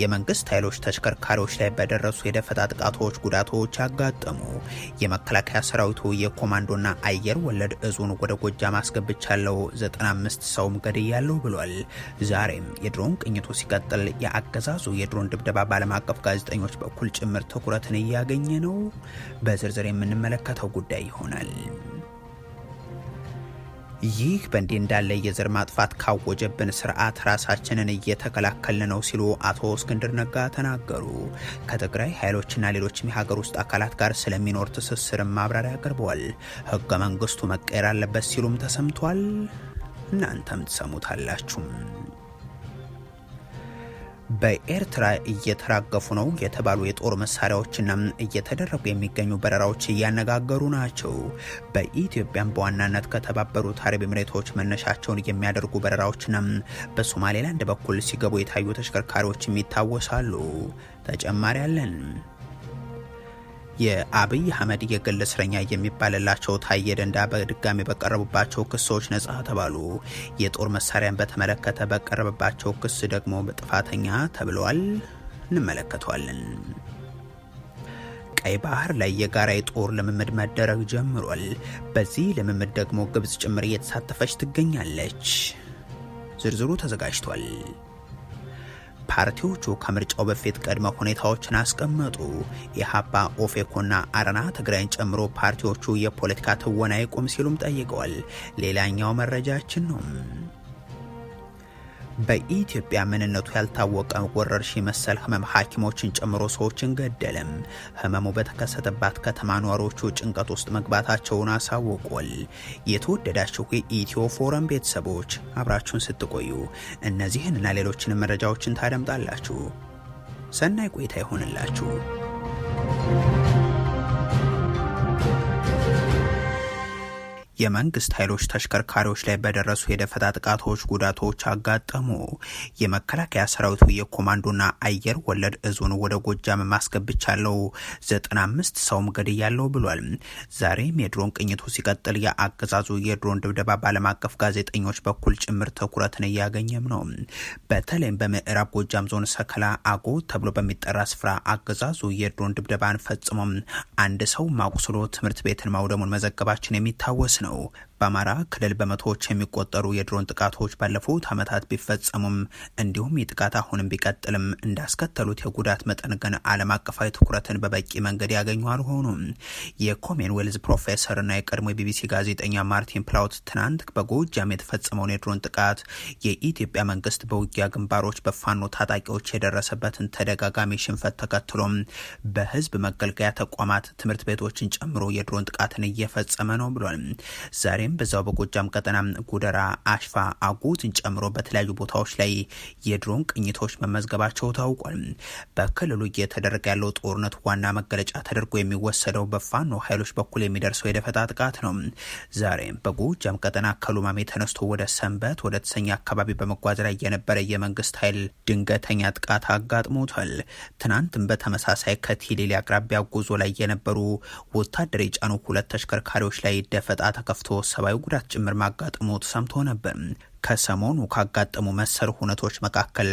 የመንግስት ኃይሎች ተሽከርካሪዎች ላይ በደረሱ የደፈጣ ጥቃቶች ጉዳቶች አጋጠሙ። የመከላከያ ሰራዊቱ የኮማንዶና አየር ወለድ እዙን ወደ ጎጃም አስገብቻለሁ 95 ሰውም ገድያለሁ ብሏል። ዛሬም የድሮን ቅኝቱ ሲቀጥል የአገዛዙ የድሮን ድብደባ በዓለም አቀፍ ጋዜጠኞች በኩል ጭምር ትኩረትን እያገኘ ነው። በዝርዝር የምንመለከተው ጉዳይ ይሆናል። ይህ በእንዲህ እንዳለ የዘር ማጥፋት ካወጀብን ስርዓት ራሳችንን እየተከላከልን ነው ሲሉ አቶ እስክንድር ነጋ ተናገሩ። ከትግራይ ኃይሎችና ሌሎችም የሀገር ውስጥ አካላት ጋር ስለሚኖር ትስስር ማብራሪያ አቅርበዋል። ህገ መንግስቱ መቀየር አለበት ሲሉም ተሰምቷል። እናንተም ትሰሙታላችሁም። በኤርትራ እየተራገፉ ነው የተባሉ የጦር መሳሪያዎችና እየተደረጉ የሚገኙ በረራዎች እያነጋገሩ ናቸው። በኢትዮጵያም በዋናነት ከተባበሩት አረብ ኤምሬቶች መነሻቸውን የሚያደርጉ በረራዎችና በሶማሌላንድ በኩል ሲገቡ የታዩ ተሽከርካሪዎችም ይታወሳሉ። ተጨማሪ አለን። የአብይ አህመድ የግል እስረኛ የሚባልላቸው ታዬ ደንዳ በድጋሚ በቀረቡባቸው ክሶች ነጻ ተባሉ። የጦር መሳሪያን በተመለከተ በቀረበባቸው ክስ ደግሞ ጥፋተኛ ተብለዋል። እንመለከተዋለን። ቀይ ባህር ላይ የጋራ የጦር ልምምድ መደረግ ጀምሯል። በዚህ ልምምድ ደግሞ ግብፅ ጭምር እየተሳተፈች ትገኛለች። ዝርዝሩ ተዘጋጅቷል። ፓርቲዎቹ ከምርጫው በፊት ቅድመ ሁኔታዎችን አስቀመጡ። የሀባ ኦፌኮና አረና ትግራይን ጨምሮ ፓርቲዎቹ የፖለቲካ ትወና ይቁም ሲሉም ጠይቀዋል። ሌላኛው መረጃችን ነው። በኢትዮጵያ ምንነቱ ያልታወቀ ወረርሽኝ መሰል ህመም ሐኪሞችን ጨምሮ ሰዎችን ገደለም። ህመሙ በተከሰተባት ከተማ ኗሪዎቹ ጭንቀት ውስጥ መግባታቸውን አሳውቋል። የተወደዳችሁ የኢትዮ ፎረም ቤተሰቦች አብራችሁን ስትቆዩ እነዚህንና ሌሎችንም መረጃዎችን ታደምጣላችሁ። ሰናይ ቆይታ ይሆንላችሁ። የመንግስት ኃይሎች ተሽከርካሪዎች ላይ በደረሱ የደፈጣ ጥቃቶች ጉዳቶች አጋጠሙ። የመከላከያ ሰራዊቱ የኮማንዶና አየር ወለድ እዙን ወደ ጎጃም ማስገብቻለው፣ ዘጠና አምስት ሰውም ገድያለው ብሏል። ዛሬም የድሮን ቅኝቱ ሲቀጥል የአገዛዙ የድሮን ድብደባ በዓለም አቀፍ ጋዜጠኞች በኩል ጭምር ትኩረትን እያገኘም ነው። በተለይም በምዕራብ ጎጃም ዞን ሰከላ አጎ ተብሎ በሚጠራ ስፍራ አገዛዙ የድሮን ድብደባን ፈጽሞም አንድ ሰው ማቁስሎ ትምህርት ቤትን ማውደሙን መዘገባችን የሚታወስ ነው። now በአማራ ክልል በመቶዎች የሚቆጠሩ የድሮን ጥቃቶች ባለፉት ዓመታት ቢፈጸሙም እንዲሁም የጥቃት አሁንም ቢቀጥልም እንዳስከተሉት የጉዳት መጠን ግን ዓለም አቀፋዊ ትኩረትን በበቂ መንገድ ያገኙ አልሆኑም። የኮመንዌልዝ ፕሮፌሰርና የቀድሞ የቢቢሲ ጋዜጠኛ ማርቲን ፕላውት ትናንት በጎጃም የተፈጸመውን የድሮን ጥቃት የኢትዮጵያ መንግስት በውጊያ ግንባሮች በፋኖ ታጣቂዎች የደረሰበትን ተደጋጋሚ ሽንፈት ተከትሎም በህዝብ መገልገያ ተቋማት፣ ትምህርት ቤቶችን ጨምሮ የድሮን ጥቃትን እየፈጸመ ነው ብሏል። ዛሬም በተለይም በዛው በጎጃም ቀጠና ጉደራ፣ አሽፋ፣ አጎትን ጨምሮ በተለያዩ ቦታዎች ላይ የድሮን ቅኝቶች መመዝገባቸው ታውቋል። በክልሉ እየተደረገ ያለው ጦርነት ዋና መገለጫ ተደርጎ የሚወሰደው በፋኖ ኃይሎች በኩል የሚደርሰው የደፈጣ ጥቃት ነው። ዛሬም በጎጃም ቀጠና ከሉማሜ ተነስቶ ወደ ሰንበት ወደ ተሰኘ አካባቢ በመጓዝ ላይ የነበረ የመንግስት ኃይል ድንገተኛ ጥቃት አጋጥሞታል። ትናንትም በተመሳሳይ ከቲሊሊ አቅራቢያ ጉዞ ላይ የነበሩ ወታደር የጫኑ ሁለት ተሽከርካሪዎች ላይ ደፈጣ ተከፍቶ ሰብአዊ ጉዳት ጭምር ማጋጠሙ ተሰምቶ ነበር። ከሰሞኑ ካጋጠሙ መሰል ሁነቶች መካከል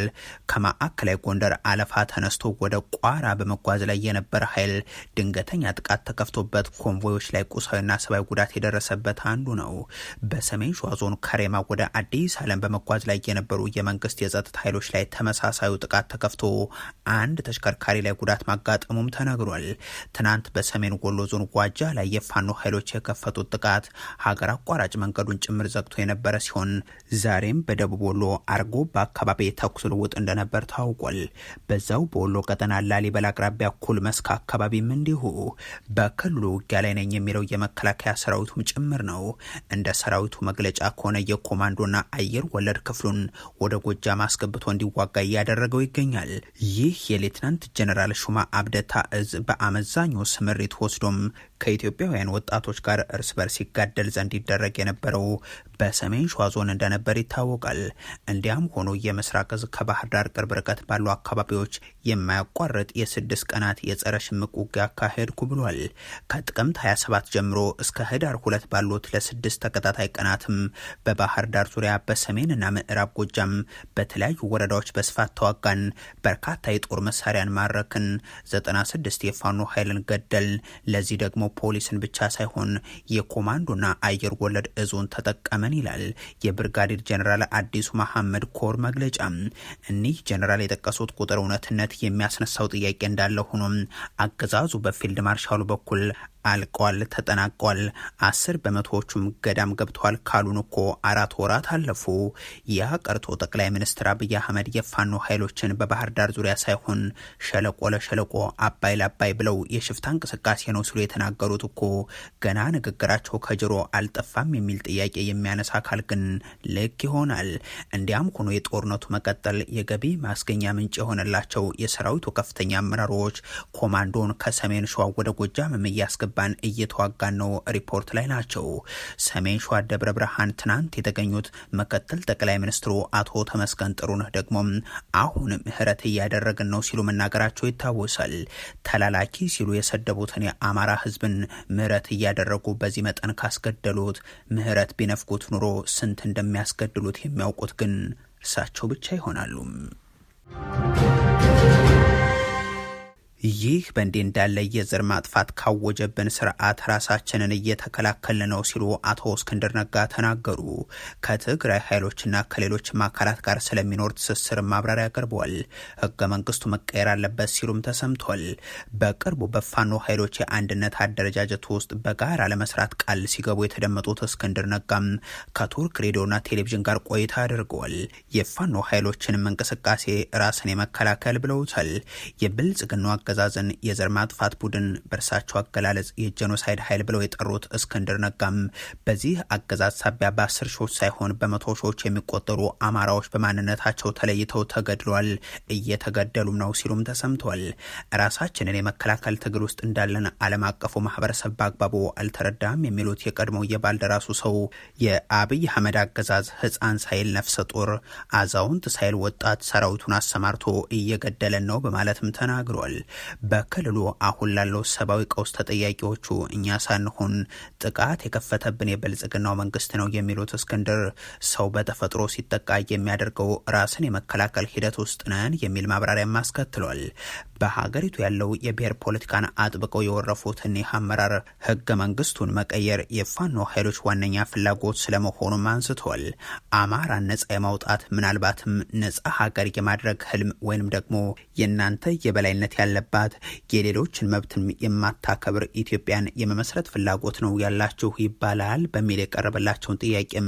ከማዕከላዊ ጎንደር አለፋ ተነስቶ ወደ ቋራ በመጓዝ ላይ የነበረ ኃይል ድንገተኛ ጥቃት ተከፍቶበት ኮንቮዮች ላይ ቁሳዊና ሰብአዊ ጉዳት የደረሰበት አንዱ ነው። በሰሜን ሸዋ ዞን ከሬማ ወደ አዲስ ዓለም በመጓዝ ላይ የነበሩ የመንግስት የጸጥታ ኃይሎች ላይ ተመሳሳዩ ጥቃት ተከፍቶ አንድ ተሽከርካሪ ላይ ጉዳት ማጋጠሙም ተነግሯል። ትናንት በሰሜን ወሎ ዞን ጓጃ ላይ የፋኖ ኃይሎች የከፈቱት ጥቃት ሀገር አቋራጭ መንገዱን ጭምር ዘግቶ የነበረ ሲሆን ዛሬም በደቡብ ወሎ አርጎ በአካባቢ የተኩስ ልውውጥ እንደነበር ታውቋል። በዛው በወሎ ቀጠና ላሊበላ አቅራቢያ ኩል መስክ አካባቢም እንዲሁ በክልሉ ውጊያ ላይ ነኝ የሚለው የመከላከያ ሰራዊቱም ጭምር ነው። እንደ ሰራዊቱ መግለጫ ከሆነ የኮማንዶና አየር ወለድ ክፍሉን ወደ ጎጃም አስገብቶ እንዲዋጋ እያደረገው ይገኛል። ይህ የሌትናንት ጀነራል ሹማ አብደታ እዝ በአመዛኙ ስምሪት ወስዶም ከኢትዮጵያውያን ወጣቶች ጋር እርስ በርስ ይጋደል ዘንድ ይደረግ የነበረው በሰሜን ሸዋ ዞን እንደነበር እንደነበር ይታወቃል። እንዲያም ሆኖ የምስራቅ እዝ ከባህር ዳር ቅርብ ርቀት ባሉ አካባቢዎች የማያቋርጥ የስድስት ቀናት የጸረ ሽምቅ ውጊያ አካሄድኩ ብሏል። ከጥቅምት 27 ጀምሮ እስከ ህዳር ሁለት ባሉት ለስድስት ተከታታይ ቀናትም በባህር ዳር ዙሪያ በሰሜንና ምዕራብ ጎጃም በተለያዩ ወረዳዎች በስፋት ተዋጋን። በርካታ የጦር መሳሪያን ማረክን፣ 96 የፋኖ ኃይልን ገደል። ለዚህ ደግሞ ፖሊስን ብቻ ሳይሆን የኮማንዶና አየር ወለድ እዙን ተጠቀመን ይላል የብርጋዴ ብርጋዴር ጀኔራል አዲሱ መሐመድ ኮር መግለጫ እኒህ ጀኔራል የጠቀሱት ቁጥር እውነትነት የሚያስነሳው ጥያቄ እንዳለ ሆኖም አገዛዙ በፊልድ ማርሻሉ በኩል አልቋል፣ ተጠናቋል፣ አስር በመቶዎቹም ገዳም ገብተዋል ካሉን እኮ አራት ወራት አለፉ። ያ ቀርቶ ጠቅላይ ሚኒስትር አብይ አህመድ የፋኖ ኃይሎችን በባህር ዳር ዙሪያ ሳይሆን ሸለቆ ለሸለቆ አባይ ለአባይ ብለው የሽፍታ እንቅስቃሴ ነው ሲሉ የተናገሩት እኮ ገና ንግግራቸው ከጆሮ አልጠፋም የሚል ጥያቄ የሚያነሳ አካል ግን ልክ ይሆናል። እንዲያም ሆኖ የጦርነቱ መቀጠል የገቢ ማስገኛ ምንጭ የሆነላቸው የሰራዊቱ ከፍተኛ አመራሮች ኮማንዶን ከሰሜን ሸዋ ወደ ጎጃም እያስገ እያስገባን እየተዋጋን ነው ሪፖርት ላይ ናቸው። ሰሜን ሸዋ ደብረ ብርሃን ትናንት የተገኙት ምክትል ጠቅላይ ሚኒስትሩ አቶ ተመስገን ጥሩነህ ደግሞ አሁን ምህረት እያደረግን ነው ሲሉ መናገራቸው ይታወሳል። ተላላኪ ሲሉ የሰደቡትን የአማራ ህዝብን ምህረት እያደረጉ በዚህ መጠን ካስገደሉት ምህረት ቢነፍጉት ኑሮ ስንት እንደሚያስገድሉት የሚያውቁት ግን እርሳቸው ብቻ ይሆናሉ። ይህ በእንዲህ እንዳለ የዘር ማጥፋት ካወጀብን ስርዓት ራሳችንን እየተከላከል ነው ሲሉ አቶ እስክንድር ነጋ ተናገሩ። ከትግራይ ኃይሎችና ከሌሎችም አካላት ጋር ስለሚኖር ትስስር ማብራሪያ አቅርበዋል። ህገ መንግስቱ መቀየር አለበት ሲሉም ተሰምቷል። በቅርቡ በፋኖ ኃይሎች የአንድነት አደረጃጀት ውስጥ በጋራ ለመስራት ቃል ሲገቡ የተደመጡት እስክንድር ነጋም ከቱርክ ሬዲዮና ቴሌቪዥን ጋር ቆይታ አድርገዋል። የፋኖ ኃይሎችንም እንቅስቃሴ ራስን የመከላከል ብለውታል። የብልጽግና አገዛዝን የዘር ማጥፋት ቡድን በእርሳቸው አገላለጽ የጀኖሳይድ ኃይል ብለው የጠሩት እስክንድር ነጋም በዚህ አገዛዝ ሳቢያ በአስር ሺዎች ሳይሆን በመቶ ሺዎች የሚቆጠሩ አማራዎች በማንነታቸው ተለይተው ተገድለዋል፣ እየተገደሉም ነው ሲሉም ተሰምተል። ራሳችንን የመከላከል ትግል ውስጥ እንዳለን ዓለም አቀፉ ማህበረሰብ በአግባቡ አልተረዳም የሚሉት የቀድሞ የባልደራሱ ሰው የአብይ አህመድ አገዛዝ ህፃን ሳይል ነፍሰ ጡር አዛውንት ሳይል ወጣት ሰራዊቱን አሰማርቶ እየገደለን ነው በማለትም ተናግሯል። በክልሉ አሁን ላለው ሰብአዊ ቀውስ ተጠያቂዎቹ እኛ ሳንሆን ጥቃት የከፈተብን የብልጽግናው መንግስት ነው የሚሉት እስክንድር ሰው በተፈጥሮ ሲጠቃ የሚያደርገው ራስን የመከላከል ሂደት ውስጥ ነን የሚል ማብራሪያም አስከትሏል። በሀገሪቱ ያለው የብሔር ፖለቲካን አጥብቀው የወረፉት እኒህ አመራር ህገ መንግስቱን መቀየር የፋኖ ኃይሎች ዋነኛ ፍላጎት ስለመሆኑም አንስተዋል። አማራን ነጻ የማውጣት ምናልባትም ነጻ ሀገር የማድረግ ህልም ወይንም ደግሞ የእናንተ የበላይነት ያለበት ያለባት የሌሎችን መብትን የማታከብር ኢትዮጵያን የመመስረት ፍላጎት ነው ያላችሁ ይባላል በሚል የቀረበላቸውን ጥያቄም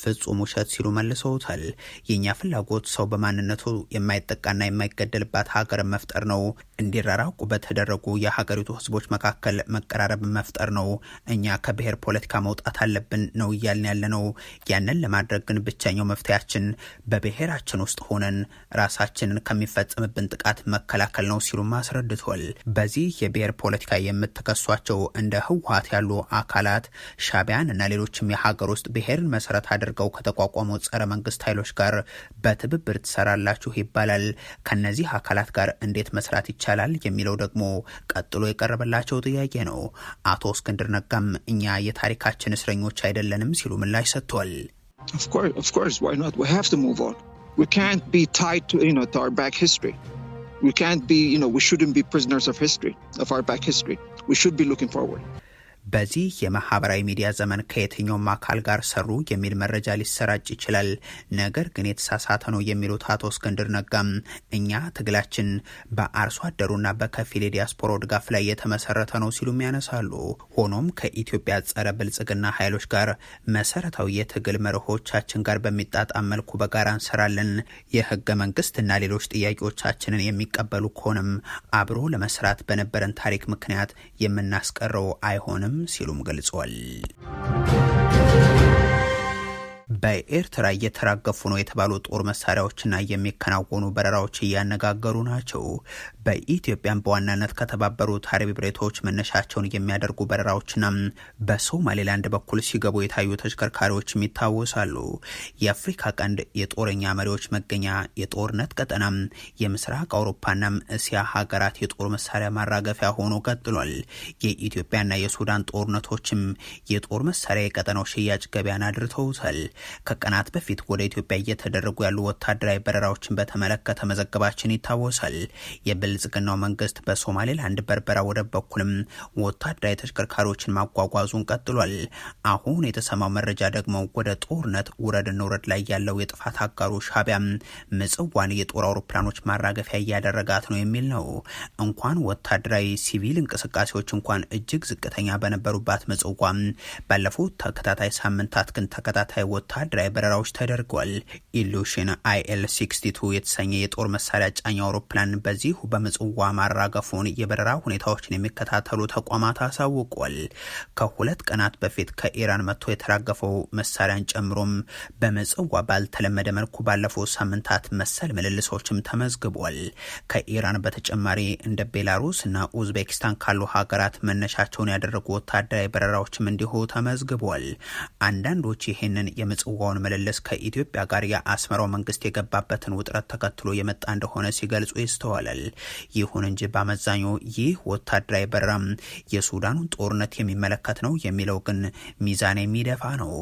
ፍጹም ውሸት ሲሉ መልሰውታል። የእኛ ፍላጎት ሰው በማንነቱ የማይጠቃና የማይገደልባት ሀገር መፍጠር ነው። እንዲራራቁ በተደረጉ የሀገሪቱ ህዝቦች መካከል መቀራረብ መፍጠር ነው። እኛ ከብሔር ፖለቲካ መውጣት አለብን ነው እያልን ያለ ነው። ያንን ለማድረግ ግን ብቸኛው መፍትያችን በብሔራችን ውስጥ ሆነን ራሳችንን ከሚፈጸምብን ጥቃት መከላከል ነው ሲሉ ማስረ አስረድቷል። በዚህ የብሔር ፖለቲካ የምትከሷቸው እንደ ህወሀት ያሉ አካላት ሻቢያን እና ሌሎችም የሀገር ውስጥ ብሔርን መሰረት አድርገው ከተቋቋሙ ጸረ መንግስት ኃይሎች ጋር በትብብር ትሰራላችሁ ይባላል። ከነዚህ አካላት ጋር እንዴት መስራት ይቻላል የሚለው ደግሞ ቀጥሎ የቀረበላቸው ጥያቄ ነው። አቶ እስክንድር ነጋም እኛ የታሪካችን እስረኞች አይደለንም ሲሉ ምላሽ ሰጥቷል። Of course, ዋይ course, why not? We have to move on. We can't be We can't be, you know, we shouldn't be prisoners of history, of our back history. We should be looking forward. በዚህ የማህበራዊ ሚዲያ ዘመን ከየትኛውም አካል ጋር ሰሩ የሚል መረጃ ሊሰራጭ ይችላል። ነገር ግን የተሳሳተ ነው የሚሉት አቶ እስክንድር ነጋም እኛ ትግላችን በአርሶ አደሩና በከፊል የዲያስፖራው ድጋፍ ላይ የተመሰረተ ነው ሲሉም ያነሳሉ። ሆኖም ከኢትዮጵያ ጸረ ብልጽግና ኃይሎች ጋር መሰረታዊ የትግል መርሆቻችን ጋር በሚጣጣም መልኩ በጋራ እንሰራለን። የህገ መንግስት እና ሌሎች ጥያቄዎቻችንን የሚቀበሉ ከሆነም አብሮ ለመስራት በነበረን ታሪክ ምክንያት የምናስቀረው አይሆንም ሲሉም ገልጿል። በኤርትራ እየተራገፉ ነው የተባሉ ጦር መሳሪያዎችና የሚከናወኑ በረራዎች እያነጋገሩ ናቸው። በኢትዮጵያን በዋናነት ከተባበሩት አረብ ኢሚሬቶች መነሻቸውን የሚያደርጉ በረራዎችና በሶማሌላንድ በኩል ሲገቡ የታዩ ተሽከርካሪዎች ይታወሳሉ። የአፍሪካ ቀንድ የጦረኛ መሪዎች መገኛ፣ የጦርነት ቀጠና፣ የምስራቅ አውሮፓና እስያ ሀገራት የጦር መሳሪያ ማራገፊያ ሆኖ ቀጥሏል። የኢትዮጵያና የሱዳን ጦርነቶችም የጦር መሳሪያ የቀጠናው ሽያጭ ገበያን አድርተውታል። ከቀናት በፊት ወደ ኢትዮጵያ እየተደረጉ ያሉ ወታደራዊ በረራዎችን በተመለከተ መዘገባችን ይታወሳል። የብልጽግናው መንግስት በሶማሌላንድ በርበራ ወደብ በኩልም ወታደራዊ ተሽከርካሪዎችን ማጓጓዙን ቀጥሏል። አሁን የተሰማው መረጃ ደግሞ ወደ ጦርነት ውረድ ላይ ያለው የጥፋት አጋሩ ሻቢያም ምጽዋን የጦር አውሮፕላኖች ማራገፊያ እያደረጋት ነው የሚል ነው። እንኳን ወታደራዊ ሲቪል እንቅስቃሴዎች እንኳን እጅግ ዝቅተኛ በነበሩባት ምጽዋ ባለፉት ተከታታይ ሳምንታት ግን ተከታታይ ወታደራዊ በረራዎች ተደርጓል። ኢሉሽን አይኤል 62 የተሰኘ የጦር መሳሪያ ጫኝ አውሮፕላን በዚሁ በምጽዋ ማራገፉን የበረራ ሁኔታዎችን የሚከታተሉ ተቋማት አሳውቋል። ከሁለት ቀናት በፊት ከኢራን መጥቶ የተራገፈው መሳሪያን ጨምሮም በምጽዋ ባልተለመደ መልኩ ባለፈው ሳምንታት መሰል ምልልሶችም ተመዝግቧል። ከኢራን በተጨማሪ እንደ ቤላሩስ እና ኡዝቤኪስታን ካሉ ሀገራት መነሻቸውን ያደረጉ ወታደራዊ በረራዎችም እንዲሁ ተመዝግቧል። አንዳንዶች ይህንን የምጽዋውን መለለስ ከኢትዮጵያ ጋር የአስመራው መንግስት የገባበትን ውጥረት ተከትሎ የመጣ እንደሆነ ሲገልጹ ይስተዋላል። ይሁን እንጂ በአመዛኙ ይህ ወታደራዊ በረራም የሱዳኑን ጦርነት የሚመለከት ነው የሚለው ግን ሚዛን የሚደፋ ነው።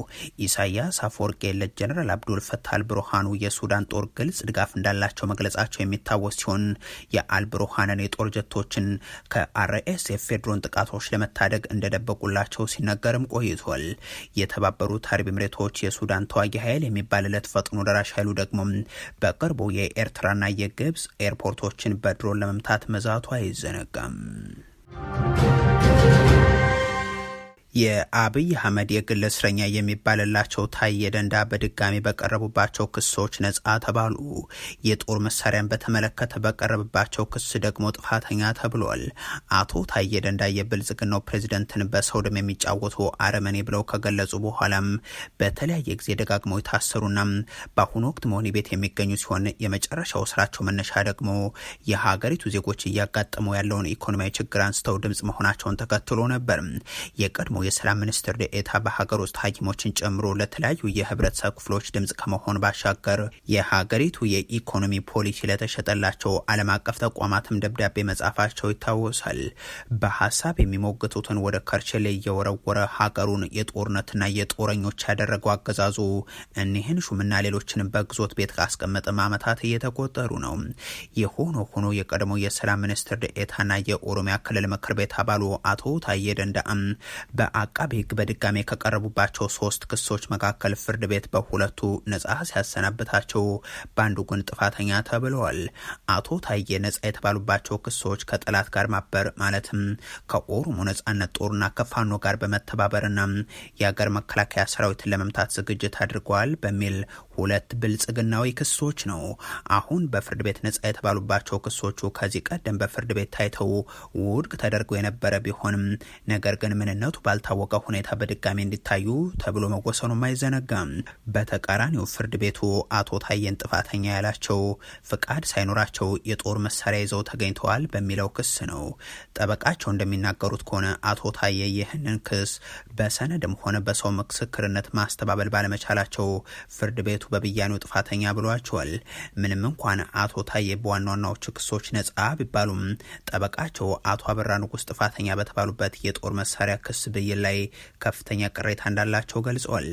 ኢሳያስ አፈወርቂ የለት ጀነራል አብዱል ፈታል ብሩሃኑ የሱዳን ጦር ግልጽ ድጋፍ እንዳላቸው መግለጻቸው የሚታወስ ሲሆን የአልብሩሃንን የጦር ጀቶችን ከአርኤስኤፍ የድሮን ጥቃቶች ለመታደግ እንደደበቁላቸው ሲነገርም ቆይቷል። የተባበሩት አረብ ኤምሬቶች የሱዳን ተዋጊ ኃይል የሚባልለት ፈጥኖ ደራሽ ኃይሉ ደግሞ በቅርቡ የኤርትራና የግብፅ ኤርፖርቶችን በድሮን ለመምታት መዛቱ አይዘነጋም። የአብይ አህመድ የግል እስረኛ የሚባልላቸው ታየ ደንዳ በድጋሚ በቀረቡባቸው ክሶች ነጻ ተባሉ። የጦር መሳሪያን በተመለከተ በቀረብባቸው ክስ ደግሞ ጥፋተኛ ተብሏል። አቶ ታየ ደንዳ የብልጽግናው ፕሬዚደንትን በሰው ደም የሚጫወቱ አረመኔ ብለው ከገለጹ በኋላም በተለያየ ጊዜ ደጋግመው የታሰሩና በአሁኑ ወቅት መሆኒ ቤት የሚገኙ ሲሆን የመጨረሻው ስራቸው መነሻ ደግሞ የሀገሪቱ ዜጎች እያጋጠመው ያለውን ኢኮኖሚያዊ ችግር አንስተው ድምጽ መሆናቸውን ተከትሎ ነበር። የቀድሞ የሰላም ሚኒስትር ዴኤታ በሀገር ውስጥ ሐኪሞችን ጨምሮ ለተለያዩ የህብረተሰብ ክፍሎች ድምፅ ከመሆን ባሻገር የሀገሪቱ የኢኮኖሚ ፖሊሲ ለተሸጠላቸው ዓለም አቀፍ ተቋማትም ደብዳቤ መጻፋቸው ይታወሳል። በሀሳብ የሚሞግቱትን ወደ ከርቸሌ እየወረወረ ሀገሩን የጦርነትና የጦረኞች ያደረገው አገዛዙ እኒህን ሹምና ሌሎችንም በግዞት ቤት ካስቀመጠ ዓመታት እየተቆጠሩ ነው። የሆኖ ሆኖ የቀድሞ የሰላም ሚኒስትር ዴኤታና የኦሮሚያ ክልል ምክር ቤት አባሉ አቶ ታዬ ደንዳአም በ አቃቢ ህግ በድጋሜ ከቀረቡባቸው ሶስት ክሶች መካከል ፍርድ ቤት በሁለቱ ነጻ ሲያሰናብታቸው በአንዱ ግን ጥፋተኛ ተብለዋል። አቶ ታዬ ነጻ የተባሉባቸው ክሶች ከጠላት ጋር ማበር ማለትም ከኦሮሞ ነጻነት ጦርና ከፋኖ ጋር በመተባበርና የአገር መከላከያ ሰራዊትን ለመምታት ዝግጅት አድርገዋል በሚል ሁለት ብልጽግናዊ ክሶች ነው። አሁን በፍርድ ቤት ነጻ የተባሉባቸው ክሶቹ ከዚህ ቀደም በፍርድ ቤት ታይተው ውድቅ ተደርጎ የነበረ ቢሆንም ነገር ግን ምንነቱ ባልታወቀ ሁኔታ በድጋሚ እንዲታዩ ተብሎ መወሰኑም አይዘነጋም። በተቃራኒው ፍርድ ቤቱ አቶ ታየን ጥፋተኛ ያላቸው ፍቃድ ሳይኖራቸው የጦር መሳሪያ ይዘው ተገኝተዋል በሚለው ክስ ነው። ጠበቃቸው እንደሚናገሩት ከሆነ አቶ ታየ ይህንን ክስ በሰነድም ሆነ በሰው ምስክርነት ማስተባበል ባለመቻላቸው ፍርድ ቤቱ በብያኔው ጥፋተኛ ብሏቸዋል። ምንም እንኳን አቶ ታዬ በዋና ዋናዎቹ ክሶች ነጻ ቢባሉም ጠበቃቸው አቶ አበራ ንጉስ ጥፋተኛ በተባሉበት የጦር መሳሪያ ክስ ብይን ላይ ከፍተኛ ቅሬታ እንዳላቸው ገልጸዋል።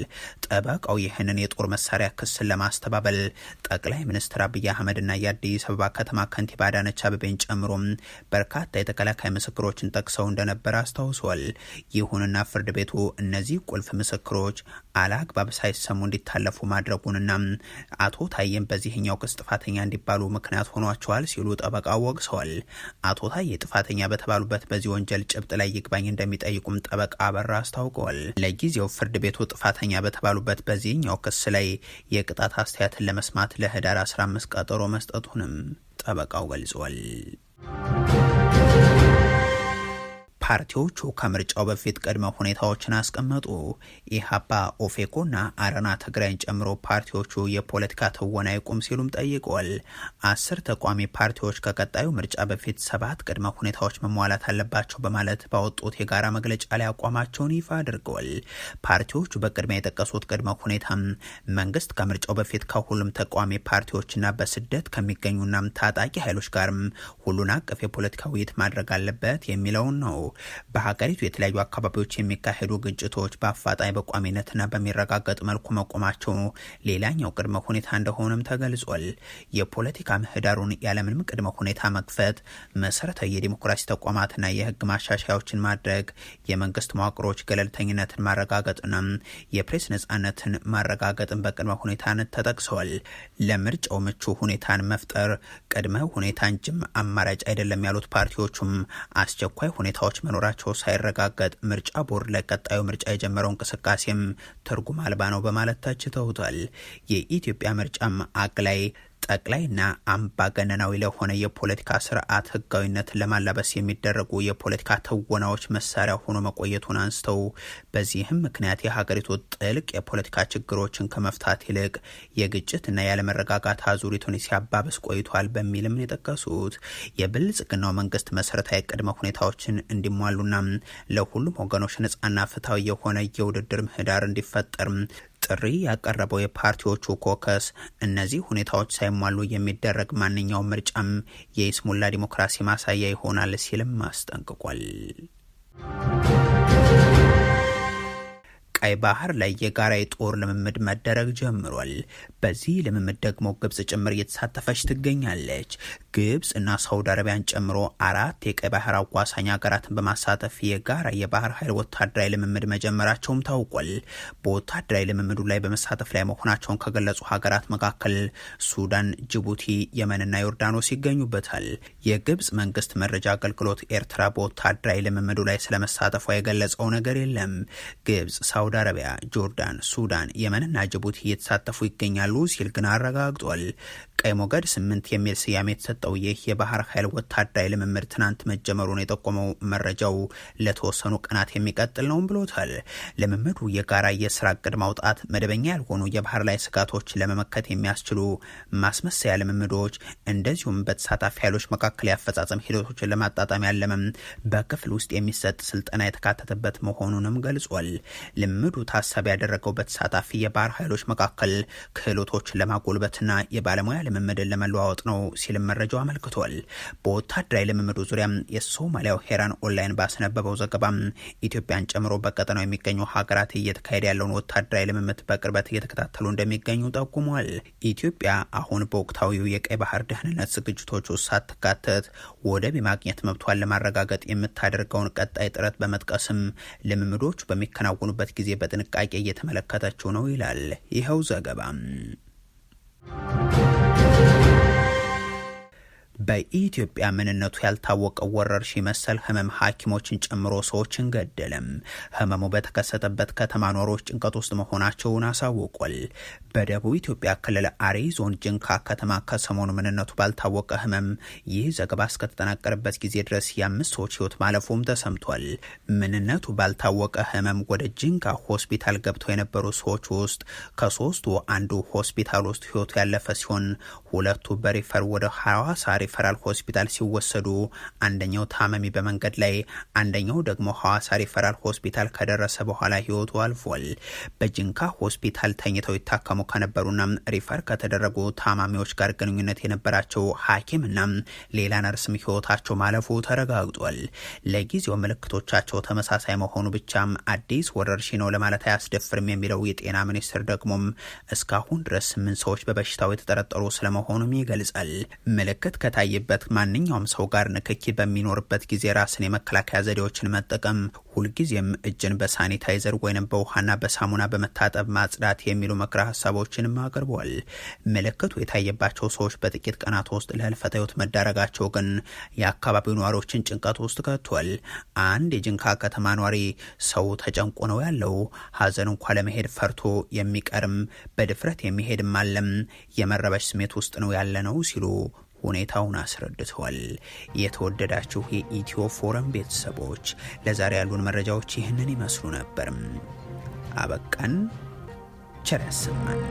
ጠበቃው ይህንን የጦር መሳሪያ ክስን ለማስተባበል ጠቅላይ ሚኒስትር አብይ አህመድና የአዲስ አበባ ከተማ ከንቲባ አዳነች አቤቤን ጨምሮ በርካታ የተከላካይ ምስክሮችን ጠቅሰው እንደነበር አስታውሰዋል። ይሁንና ፍርድ ቤቱ እነዚህ ቁልፍ ምስክሮች አላግባብ ሳይሰሙ እንዲታለፉ ማድረጉን መሆኑንና አቶ ታዬም በዚህኛው ክስ ጥፋተኛ እንዲባሉ ምክንያት ሆኗቸዋል ሲሉ ጠበቃው ወቅሰዋል። አቶ ታዬ ጥፋተኛ በተባሉበት በዚህ ወንጀል ጭብጥ ላይ ይግባኝ እንደሚጠይቁም ጠበቃ አበራ አስታውቀዋል። ለጊዜው ፍርድ ቤቱ ጥፋተኛ በተባሉበት በዚህኛው ክስ ላይ የቅጣት አስተያየትን ለመስማት ለህዳር 15 ቀጠሮ መስጠቱንም ጠበቃው ገልጿል። ፓርቲዎቹ ከምርጫው በፊት ቅድመ ሁኔታዎችን አስቀመጡ። ኢህአፓ፣ ኦፌኮና አረና ትግራይን ጨምሮ ፓርቲዎቹ የፖለቲካ ትወና ይቁም ሲሉም ጠይቋል። አስር ተቋሚ ፓርቲዎች ከቀጣዩ ምርጫ በፊት ሰባት ቅድመ ሁኔታዎች መሟላት አለባቸው በማለት ባወጡት የጋራ መግለጫ ላይ አቋማቸውን ይፋ አድርገዋል። ፓርቲዎቹ በቅድሚያ የጠቀሱት ቅድመ ሁኔታም መንግስት ከምርጫው በፊት ከሁሉም ተቋሚ ፓርቲዎችና በስደት ከሚገኙና ታጣቂ ኃይሎች ጋርም ሁሉን አቀፍ የፖለቲካ ውይይት ማድረግ አለበት የሚለውን ነው። በሀገሪቱ የተለያዩ አካባቢዎች የሚካሄዱ ግጭቶች በአፋጣኝ በቋሚነትና በሚረጋገጥ መልኩ መቆማቸው ሌላኛው ቅድመ ሁኔታ እንደሆነም ተገልጿል። የፖለቲካ ምህዳሩን ያለምንም ቅድመ ሁኔታ መክፈት፣ መሰረታዊ የዲሞክራሲ ተቋማትና የህግ ማሻሻያዎችን ማድረግ፣ የመንግስት መዋቅሮች ገለልተኝነትን ማረጋገጥና የፕሬስ ነጻነትን ማረጋገጥን በቅድመ ሁኔታነት ተጠቅሰዋል። ለምርጫው ምቹ ሁኔታን መፍጠር ቅድመ ሁኔታ እንጂም አማራጭ አይደለም ያሉት ፓርቲዎቹም አስቸኳይ ሁኔታዎች መኖራቸው ሳይረጋገጥ ምርጫ ቦርድ ለቀጣዩ ምርጫ የጀመረው እንቅስቃሴም ትርጉም አልባ ነው በማለት ተችተውታል። የኢትዮጵያ ምርጫም አቅ ላይ ጠቅላይና አምባገነናዊ ለሆነ የፖለቲካ ስርዓት ህጋዊነት ለማላበስ የሚደረጉ የፖለቲካ ትወናዎች መሳሪያ ሆኖ መቆየቱን አንስተው በዚህም ምክንያት የሀገሪቱ ጥልቅ የፖለቲካ ችግሮችን ከመፍታት ይልቅ የግጭትና ያለመረጋጋት አዙሪቱን ሲያባብስ ቆይቷል በሚልም የጠቀሱት የብልጽግናው መንግስት መሰረታዊ ቅድመ ሁኔታዎችን እንዲሟሉና ለሁሉም ወገኖች ነጻና ፍትሐዊ የሆነ የውድድር ምህዳር እንዲፈጠር ጥሪ ያቀረበው የፓርቲዎቹ ኮከስ እነዚህ ሁኔታዎች ሳይሟሉ የሚደረግ ማንኛውም ምርጫም የይስሙላ ዲሞክራሲ ማሳያ ይሆናል ሲልም አስጠንቅቋል። ቀይ ባህር ላይ የጋራ የጦር ልምምድ መደረግ ጀምሯል። በዚህ ልምምድ ደግሞ ግብጽ ጭምር እየተሳተፈች ትገኛለች። ግብጽ እና ሳውዲ አረቢያን ጨምሮ አራት የቀይ ባህር አዋሳኝ ሀገራትን በማሳተፍ የጋራ የባህር ኃይል ወታደራዊ ልምምድ መጀመራቸውም ታውቋል። በወታደራዊ ልምምዱ ላይ በመሳተፍ ላይ መሆናቸውን ከገለጹ ሀገራት መካከል ሱዳን፣ ጅቡቲ፣ የመንና ዮርዳኖስ ይገኙበታል። የግብጽ መንግስት መረጃ አገልግሎት ኤርትራ በወታደራዊ ልምምዱ ላይ ስለመሳተፏ የገለጸው ነገር የለም። ግብጽ ሳውዲ አረቢያ፣ ጆርዳን፣ ሱዳን፣ የመንና ጅቡቲ እየተሳተፉ ይገኛሉ ሲል ግን አረጋግጧል። ቀይ ሞገድ ስምንት የሚል ስያሜ የተሰጠው ይህ የባህር ኃይል ወታደራዊ ልምምድ ትናንት መጀመሩን የጠቆመው መረጃው ለተወሰኑ ቀናት የሚቀጥል ነውም ብሎታል። ልምምዱ የጋራ የስራ እቅድ ማውጣት፣ መደበኛ ያልሆኑ የባህር ላይ ስጋቶች ለመመከት የሚያስችሉ ማስመሰያ ልምምዶች፣ እንደዚሁም በተሳታፊ ኃይሎች መካከል ያፈጻጸም ሂደቶችን ለማጣጣም ያለመም በክፍል ውስጥ የሚሰጥ ስልጠና የተካተተበት መሆኑንም ገልጿል። ልምምዱ ታሳቢ ያደረገው በተሳታፊ የባህር ኃይሎች መካከል ክህሎቶችን ለማጎልበትና የባለሙያ ልምምድን ለመለዋወጥ ነው ሲልም መረጃው አመልክቷል። በወታደራዊ ልምምዱ ዙሪያም የሶማሊያው ሄራን ኦንላይን ባስነበበው ዘገባም ኢትዮጵያን ጨምሮ በቀጠናው የሚገኙ ሀገራት እየተካሄደ ያለውን ወታደራዊ ልምምድ በቅርበት እየተከታተሉ እንደሚገኙ ጠቁሟል። ኢትዮጵያ አሁን በወቅታዊው የቀይ ባህር ደህንነት ዝግጅቶች ውስጥ ሳትካተት ወደብ የማግኘት መብቷን ለማረጋገጥ የምታደርገውን ቀጣይ ጥረት በመጥቀስም ልምምዶቹ በሚከናወኑበት ጊዜ በጥንቃቄ እየተመለከተችው ነው ይላል ይኸው ዘገባ። በኢትዮጵያ ምንነቱ ያልታወቀው ወረርሽኝ መሰል ህመም ሐኪሞችን ጨምሮ ሰዎችን ገደለም። ህመሙ በተከሰተበት ከተማ ኗሪዎች ጭንቀት ውስጥ መሆናቸውን አሳውቋል። በደቡብ ኢትዮጵያ ክልል አሪ ዞን ጅንካ ከተማ ከሰሞኑ ምንነቱ ባልታወቀ ህመም ይህ ዘገባ እስከተጠናቀረበት ጊዜ ድረስ የአምስት ሰዎች ህይወት ማለፉም ተሰምቷል። ምንነቱ ባልታወቀ ህመም ወደ ጅንካ ሆስፒታል ገብተው የነበሩ ሰዎች ውስጥ ከሶስቱ አንዱ ሆስፒታል ውስጥ ህይወቱ ያለፈ ሲሆን ሁለቱ በሪፈር ወደ ሐዋሳ ሪፈራል ሆስፒታል ሲወሰዱ አንደኛው ታመሚ በመንገድ ላይ አንደኛው ደግሞ ሐዋሳ ሪፈራል ሆስፒታል ከደረሰ በኋላ ህይወቱ አልፏል። በጅንካ ሆስፒታል ተኝተው ይታከሙ ከነበሩና ሪፈር ከተደረጉ ታማሚዎች ጋር ግንኙነት የነበራቸው ሐኪምና ሌላ ነርስም ህይወታቸው ማለፉ ተረጋግጧል። ለጊዜው ምልክቶቻቸው ተመሳሳይ መሆኑ ብቻም አዲስ ወረርሽኝ ነው ለማለት አያስደፍርም የሚለው የጤና ሚኒስትር ደግሞም እስካሁን ድረስ ስምንት ሰዎች በበሽታው የተጠረጠሩ ስለመሆኑም ይገልጻል። ምልክት ከ ከታየበት ማንኛውም ሰው ጋር ንክኪ በሚኖርበት ጊዜ ራስን የመከላከያ ዘዴዎችን መጠቀም፣ ሁልጊዜም እጅን በሳኒታይዘር ወይም በውሃና በሳሙና በመታጠብ ማጽዳት የሚሉ ምክረ ሀሳቦችንም አቅርቧል። ምልክቱ የታየባቸው ሰዎች በጥቂት ቀናት ውስጥ ለህልፈተ ህይወት መዳረጋቸው ግን የአካባቢው ነዋሪዎችን ጭንቀት ውስጥ ከቷል። አንድ የጅንካ ከተማ ነዋሪ ሰው ተጨንቆ ነው ያለው። ሀዘን እንኳ ለመሄድ ፈርቶ የሚቀርም በድፍረት የሚሄድም አለም የመረበሽ ስሜት ውስጥ ነው ያለ ነው ሲሉ ሁኔታውን አስረድቷል። የተወደዳችሁ የኢትዮ ፎረም ቤተሰቦች ለዛሬ ያሉን መረጃዎች ይህንን ይመስሉ ነበር። አበቃን። ቸር ያሰማን።